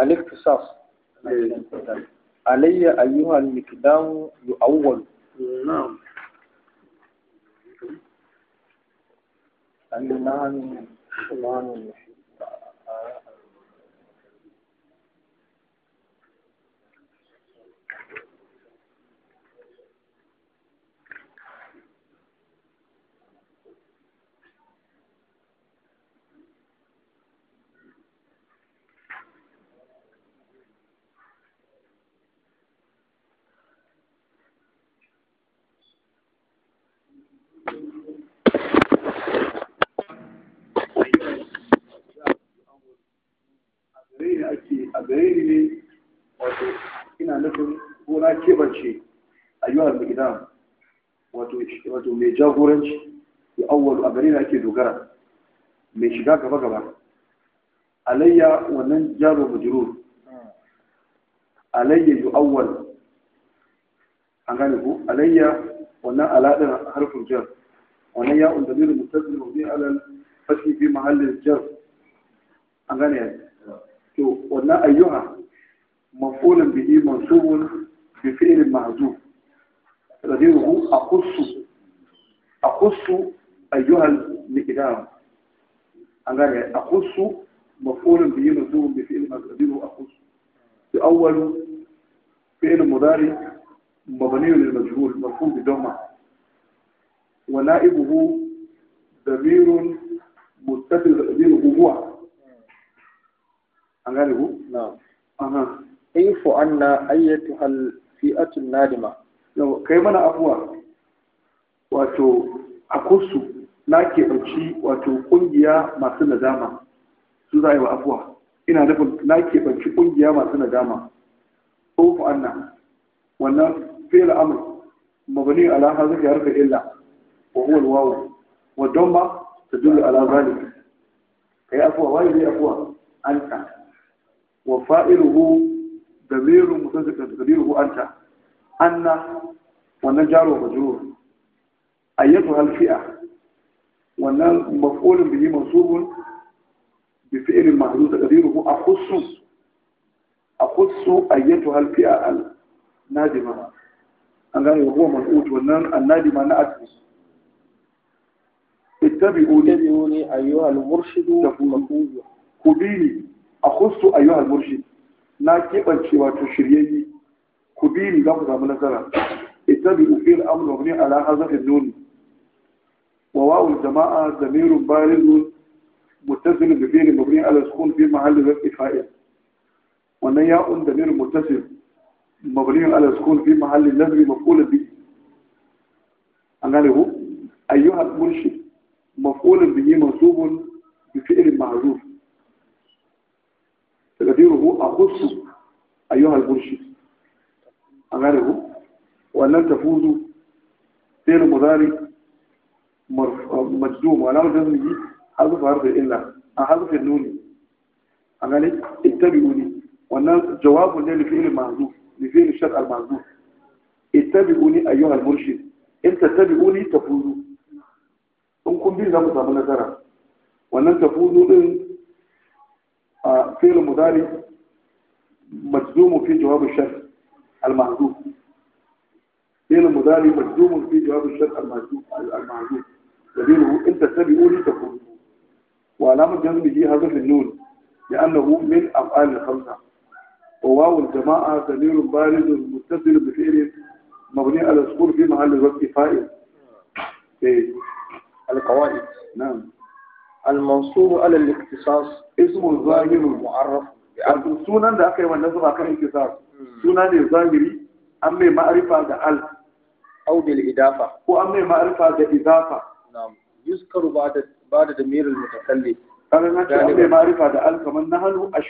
al-ikhtisas alayya ayyuha al-miqdam yu'awwal na'am annahu gare ni ake a gare ni ne wato ina nufin ko na a ayyuhal mu'idan wato wato mai jagoranci ya awwalu a gare ne ake dogara mai shiga gaba gaba alayya wannan jaro mujrur alayya yu'awwal an gane ku alayya wannan aladin harfin jar wannan ya'un da zai mutasil mabni alal fashi fi mahallin jar an gane to wannan ayyuha mafulun bihi mansubun bi fi'lin mahzuf tadiruhu aqussu aqussu ayyuha al-miqdam an gane aqussu مفعول به منصوب بفعل مقدره أخص الأول فعل مضارع مبني للمجهول مرفوع بضمة ونائبه ضمير متصل تقديره هو an gane ku na'am aha ifu anna ayyatu hal fi'atun nadima yau kai mana abuwa wato a kursu na ke ɗauki wato ƙungiya masu nadama su za a yi wa abuwa ina nufin na ke ɗauki ƙungiya masu nadama ufu anna wannan fi'il amr mabani ala hazaka yarka illa wa huwa al-wawu wa damma tadullu ala zalik kai afuwa wai zai afuwa anta wa fa'iluhu damiru mutasaddiq damiruhu anta anna wannan jaru majrur ayyatu hal fi'a wannan maf'ulun bihi mansubun bi fi'lin mahdhuf taqdiruhu akhussu ayyatu hal fi'a al nadima an gane wa huwa mal'ut wannan an nadima na asbi ittabi'uni ittabi'uni ayyuha al murshidu ku bini a kustu a yuhal murshid na keɓance wato ne ku bi ni za ku samu nasara ita bi ufil amru ne ala hazafin nuni wa wa'ul jama'a damirun barizun muttasil da fi'l mabni ala sukun fi mahallin rafi fa'il wannan ya'un damirun muttasil mabni ala sukun fi mahallin nazri maf'ul bi an gane ku ayyuhal murshid bi bihi mansubun bi fi'l ma'ruf تقديره أخص أيها المرشد أغانه وأن لم تفوزوا فعل مضارع مجزوم وعلى جزمه حذف حرف إلا حذف النون أغاني اتبعوني وأن جواب لفعل معذوف لفعل الشرع المعذوف اتبعوني أيها المرشد إن تتبعوني تفوزوا إن كنت بي لم تعمل نظرة وأن تفوزوا إن فعل مضارع مجزوم في جواب الشرط المحذوف فعل مضارع مجزوم في جواب الشرط المحذوف المحذوف دليله انت تتبعوني تكون وعلامة جزمه هذا النون لأنه من أفعال الخمسة وواو الجماعة دليل بارز متصل بفعل مبني على السكون في محل رفع فاعل القواعد نعم المنصوب على الاختصاص اسم ظاهر معرف wato sunan da aka yi wannan zuba kan ikhtisas suna ne zahiri an mai ma'arifa da al au bil idafa ko an ma'arifa da idafa na'am yuzkaru ba'da ba'da damir al mutakallim kana ma'arifa da kaman